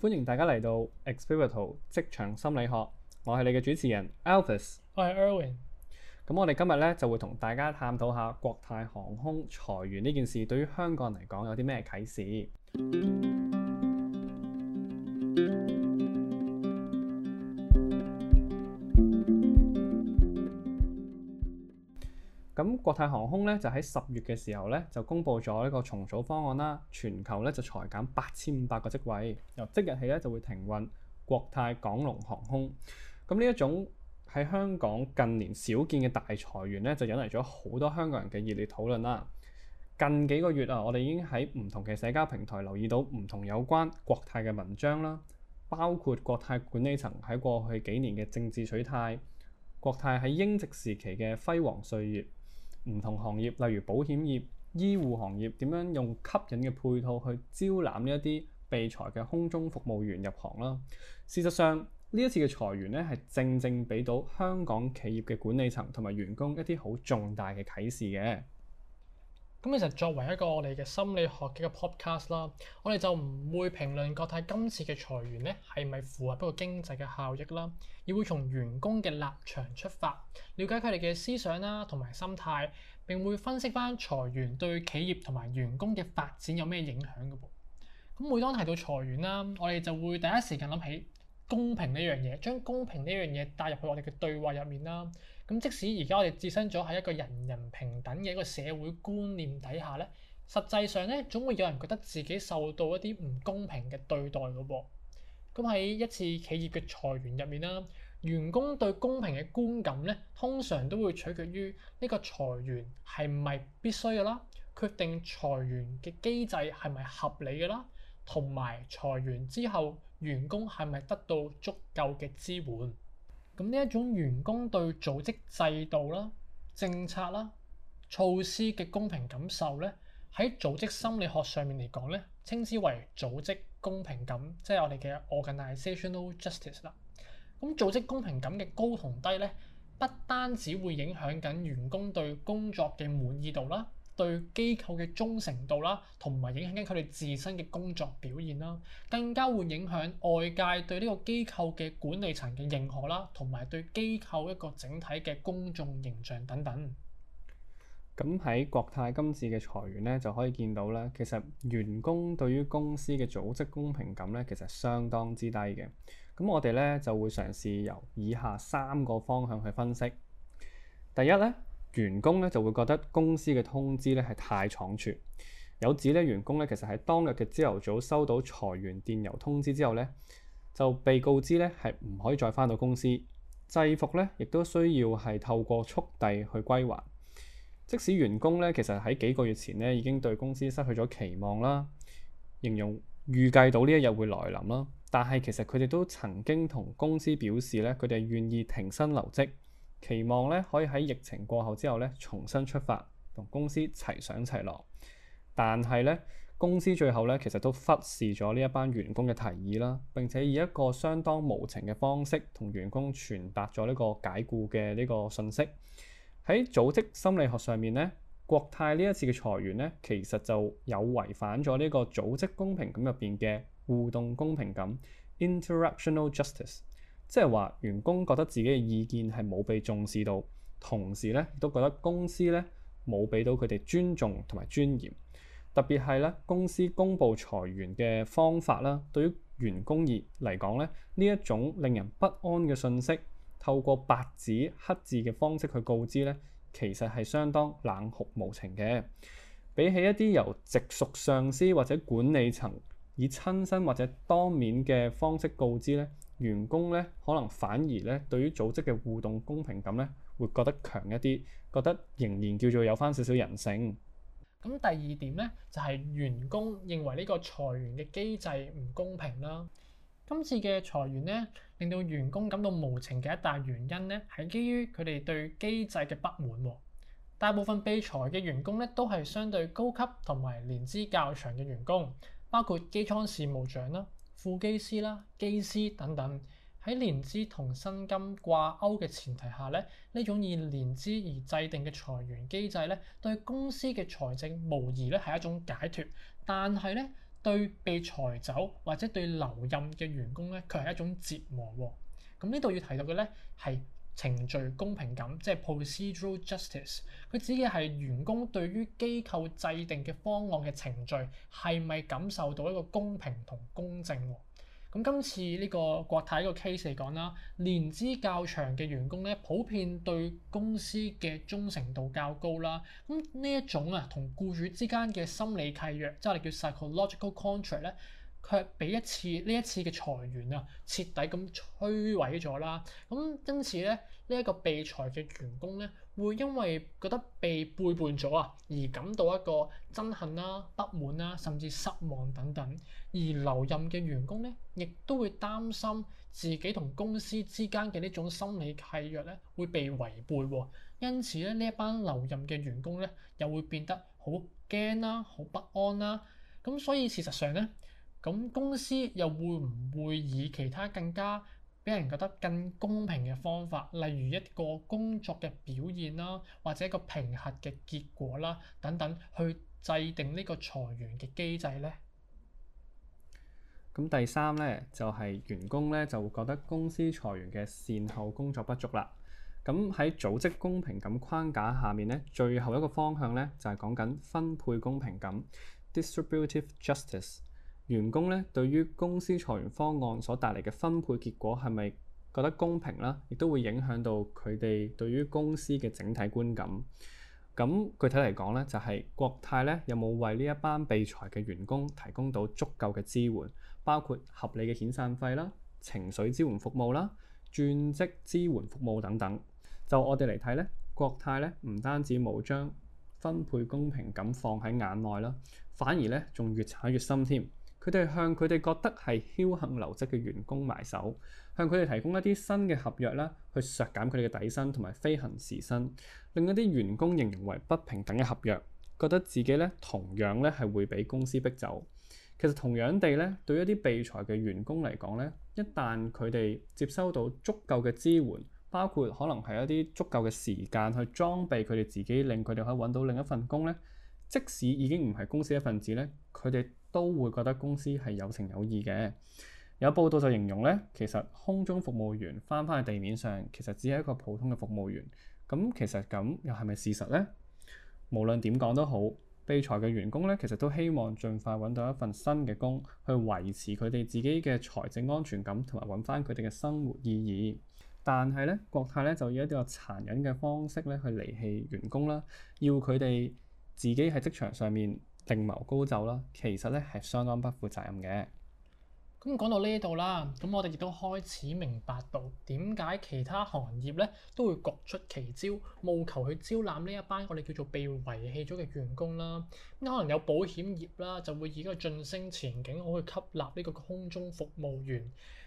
歡迎大家嚟到 Exhibitul 職場心理學，我係你嘅主持人 Alphas，我係 Erwin。咁我哋今日咧就會同大家探討下國泰航空裁員呢件事，對於香港人嚟講有啲咩啟示。國泰航空咧就喺十月嘅時候咧就公布咗一個重組方案啦，全球咧就裁減八千五百個職位，由即日起咧就會停運國泰港龍航空。咁呢一種喺香港近年少見嘅大裁員咧，就引嚟咗好多香港人嘅熱烈討論啦。近幾個月啊，我哋已經喺唔同嘅社交平台留意到唔同有關國泰嘅文章啦，包括國泰管理層喺過去幾年嘅政治取態，國泰喺英殖時期嘅輝煌歲月。唔同行業，例如保險業、醫護行業，點樣用吸引嘅配套去招攬一啲被裁嘅空中服務員入行啦？事實上，呢一次嘅裁員咧，係正正俾到香港企業嘅管理層同埋員工一啲好重大嘅啟示嘅。咁其實作為一個我哋嘅心理學嘅一個 podcast 啦，我哋就唔會評論國泰今次嘅裁員咧係咪符合不過經濟嘅效益啦，而會從員工嘅立場出發，了解佢哋嘅思想啦同埋心態，並會分析返裁員對企業同埋員工嘅發展有咩影響嘅噃。咁每當提到裁員啦，我哋就會第一時間諗起公平呢樣嘢，將公平呢樣嘢帶入去我哋嘅對話入面啦。咁即使而家我哋置身咗喺一個人人平等嘅一個社會觀念底下咧，實際上咧總會有人覺得自己受到一啲唔公平嘅對待嘅噃。咁喺一次企業嘅裁員入面啦，員工對公平嘅觀感咧，通常都會取決於呢個裁員係咪必須嘅啦，決定裁員嘅機制係咪合理嘅啦，同埋裁員之後員工係咪得到足夠嘅支援。咁呢一種員工對組織制度啦、政策啦、措施嘅公平感受咧，喺組織心理學上面嚟講咧，稱之為組織公平感，即係我哋嘅 organizational justice 啦。咁組織公平感嘅高同低咧，不單只會影響緊員工對工作嘅滿意度啦。對機構嘅忠誠度啦，同埋影響緊佢哋自身嘅工作表現啦，更加會影響外界對呢個機構嘅管理層嘅認可啦，同埋對機構一個整體嘅公眾形象等等。咁喺國泰今次嘅裁員咧，就可以見到咧，其實員工對於公司嘅組織公平感咧，其實相當之低嘅。咁我哋咧就會嘗試由以下三個方向去分析。第一咧，員工咧就會覺得公司嘅通知咧係太倉促。有指咧員工咧其實喺當日嘅朝頭早收到裁員電郵通知之後咧，就被告知咧係唔可以再返到公司，制服咧亦都需要係透過速遞去歸還。即使員工咧其實喺幾個月前咧已經對公司失去咗期望啦，形容預計到呢一日會來臨啦，但係其實佢哋都曾經同公司表示咧佢哋願意停薪留職。期望咧可以喺疫情過後之後咧重新出發，同公司齊上齊落。但係咧公司最後咧其實都忽視咗呢一班員工嘅提議啦，並且以一個相當無情嘅方式同員工傳達咗呢個解雇嘅呢個信息。喺組織心理學上面咧，國泰呢一次嘅裁員咧其實就有違反咗呢個組織公平感入邊嘅互動公平感 （interactional justice）。即係話，員工覺得自己嘅意見係冇被重視到，同時咧亦都覺得公司咧冇俾到佢哋尊重同埋尊嚴。特別係咧，公司公布裁員嘅方法啦，對於員工而嚟講咧，呢一種令人不安嘅信息，透過白紙黑字嘅方式去告知咧，其實係相當冷酷無情嘅。比起一啲由直屬上司或者管理層以親身或者當面嘅方式告知咧。員工咧可能反而咧對於組織嘅互動公平感咧會覺得強一啲，覺得仍然叫做有翻少少人性。咁第二點咧就係、是、員工認為呢個裁員嘅機制唔公平啦。今次嘅裁員咧令到員工感到無情嘅一大原因咧係基於佢哋對機制嘅不滿、喎。大部分被裁嘅員工咧都係相對高級同埋年資較長嘅員工，包括機艙事務長啦。副機師啦、機師等等，喺年資同薪金掛鈎嘅前提下咧，呢種以年資而制定嘅裁員機制咧，對公司嘅財政無疑咧係一種解脫，但係咧對被裁走或者對留任嘅員工咧，卻係一種折磨。咁呢度要提到嘅咧係。程序公平感，即係 procedural justice，佢指嘅係員工對於機構制定嘅方案嘅程序係咪感受到一個公平同公正喎？咁、嗯、今次呢個國泰個 case 嚟講啦，年資較長嘅員工咧，普遍對公司嘅忠誠度較高啦。咁、嗯、呢一種啊，同僱主之間嘅心理契約，即係我哋叫 psychological contract 咧。卻俾一次呢一次嘅裁員啊，徹底咁摧毀咗啦。咁因此咧，呢、這、一個被裁嘅員工咧，會因為覺得被背叛咗啊，而感到一個憎恨啦、啊、不滿啦、啊，甚至失望等等。而留任嘅員工咧，亦都會擔心自己同公司之間嘅呢種心理契約咧，會被違背、啊。因此咧，呢一班留任嘅員工咧，又會變得好驚啦、好不安啦、啊。咁所以事實上咧。咁公司又會唔會以其他更加俾人覺得更公平嘅方法，例如一個工作嘅表現啦，或者一個評核嘅結果啦等等，去制定呢個裁員嘅機制呢？咁第三呢，就係員工呢，就會覺得公司裁員嘅善後工作不足啦。咁喺組織公平感框架下面呢，最後一個方向呢，就係講緊分配公平感 （distributive justice）。員工咧對於公司裁員方案所帶嚟嘅分配結果係咪覺得公平啦？亦都會影響到佢哋對於公司嘅整體觀感。咁具體嚟講咧，就係國泰咧有冇為呢一班被裁嘅員工提供到足夠嘅支援，包括合理嘅遣散費啦、情緒支援服務啦、轉職支援服務等等。就我哋嚟睇咧，國泰咧唔單止冇將分配公平咁放喺眼內啦，反而咧仲越踩越深添。佢哋向佢哋覺得係僥幸留職嘅員工埋手，向佢哋提供一啲新嘅合約啦，去削減佢哋嘅底薪同埋飛行時薪，令一啲員工形容為不平等嘅合約，覺得自己咧同樣咧係會畀公司逼走。其實同樣地咧，對一啲被裁嘅員工嚟講咧，一旦佢哋接收到足夠嘅支援，包括可能係一啲足夠嘅時間去裝備佢哋自己，令佢哋可以揾到另一份工咧。即使已經唔係公司一份子，呢佢哋都會覺得公司係有情有義嘅。有報道就形容呢，其實空中服務員翻返去地面上，其實只係一個普通嘅服務員。咁其實咁又係咪事實呢？無論點講都好，被裁嘅員工呢，其實都希望盡快揾到一份新嘅工，去維持佢哋自己嘅財政安全感同埋揾翻佢哋嘅生活意義。但係呢，國泰呢，就以一個殘忍嘅方式咧去離棄員工啦，要佢哋自己喺職場上面另謀高就啦，其實咧係相當不負責任嘅。咁講到呢度啦，咁我哋亦都開始明白到點解其他行業咧都會各出奇招，務求去招攬呢一班我哋叫做被遺棄咗嘅員工啦。咁可能有保險業啦，就會以一個晉升前景去吸納呢個空中服務員；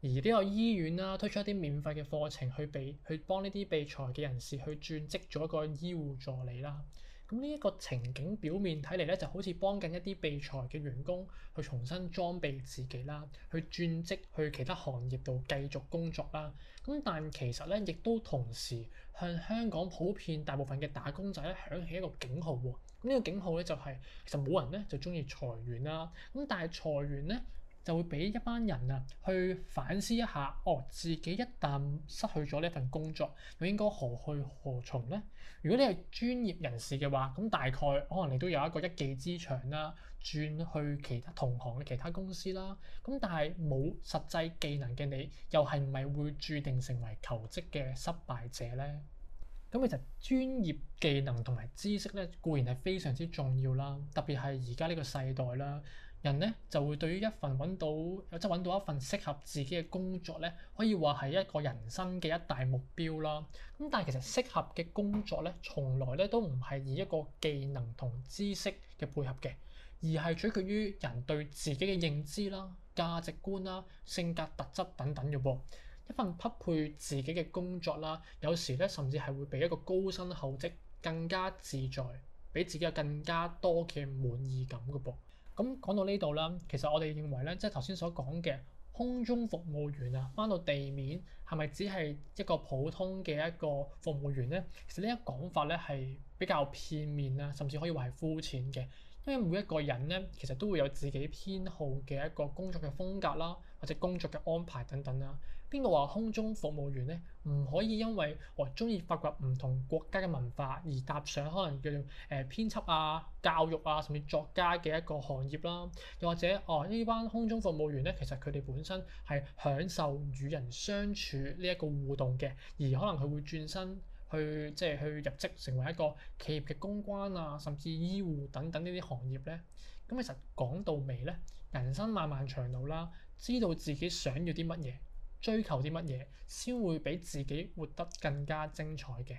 而呢個醫院啦、啊，推出一啲免費嘅課程去俾去幫呢啲被裁嘅人士去轉職做一個醫護助理啦。咁呢一個情景表面睇嚟咧，就好似幫緊一啲被裁嘅員工去重新裝備自己啦，去轉職去其他行業度繼續工作啦。咁但其實咧，亦都同時向香港普遍大部分嘅打工仔咧響起一個警號喎。咁、這、呢個警號咧就係、是、其實冇人咧就中意裁員啦。咁但係裁員咧。就會俾一班人啊去反思一下，哦，自己一旦失去咗呢份工作，又應該何去何從呢？如果你係專業人士嘅話，咁大概可能你都有一個一技之長啦，轉去其他同行嘅其他公司啦。咁但係冇實際技能嘅你，又係唔係會註定成為求職嘅失敗者呢？咁其實專業技能同埋知識咧，固然係非常之重要啦，特別係而家呢個世代啦。人咧就會對於一份揾到，即係揾到一份適合自己嘅工作咧，可以話係一個人生嘅一大目標啦。咁但係其實適合嘅工作咧，從來咧都唔係以一個技能同知識嘅配合嘅，而係取決於人對自己嘅認知啦、價值觀啦、性格特質等等嘅噃。一份匹配自己嘅工作啦，有時咧甚至係會比一個高薪厚職更加自在。俾自己有更加多嘅滿意感嘅噃。咁講到呢度啦，其實我哋認為咧，即係頭先所講嘅空中服務員啊，翻到地面係咪只係一個普通嘅一個服務員咧？其實呢一講法咧係比較片面啊，甚至可以話係膚淺嘅，因為每一個人咧其實都會有自己偏好嘅一個工作嘅風格啦，或者工作嘅安排等等啦。邊個話空中服務員咧唔可以因為哦鍾意發掘唔同國家嘅文化而踏上可能叫做誒編輯啊、教育啊，甚至作家嘅一個行業啦？又或者哦呢班空中服務員咧，其實佢哋本身係享受與人相處呢一個互動嘅，而可能佢會轉身去即係去入職成為一個企業嘅公關啊，甚至醫護等等呢啲行業咧。咁、嗯、其實講到尾咧，人生漫漫長路啦，知道自己想要啲乜嘢。追求啲乜嘢，先會俾自己活得更加精彩嘅。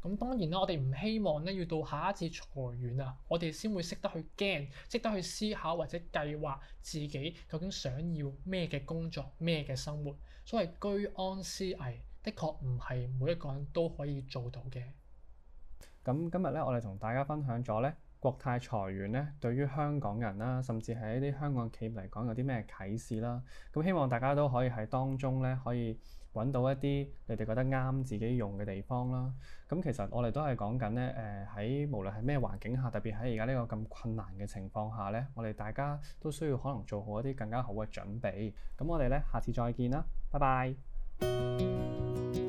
咁當然啦，我哋唔希望咧，要到下一次裁員啊，我哋先會識得去驚，識得去思考或者計劃自己究竟想要咩嘅工作，咩嘅生活。所謂居安思危，的確唔係每一個人都可以做到嘅。咁今日咧，我哋同大家分享咗咧。國泰裁員咧，對於香港人啦、啊，甚至係一啲香港企業嚟講，有啲咩啟示啦？咁、嗯、希望大家都可以喺當中咧，可以揾到一啲你哋覺得啱自己用嘅地方啦。咁、嗯、其實我哋都係講緊咧，誒、呃、喺無論係咩環境下，特別喺而家呢個咁困難嘅情況下咧，我哋大家都需要可能做好一啲更加好嘅準備。咁我哋咧，下次再見啦，拜拜。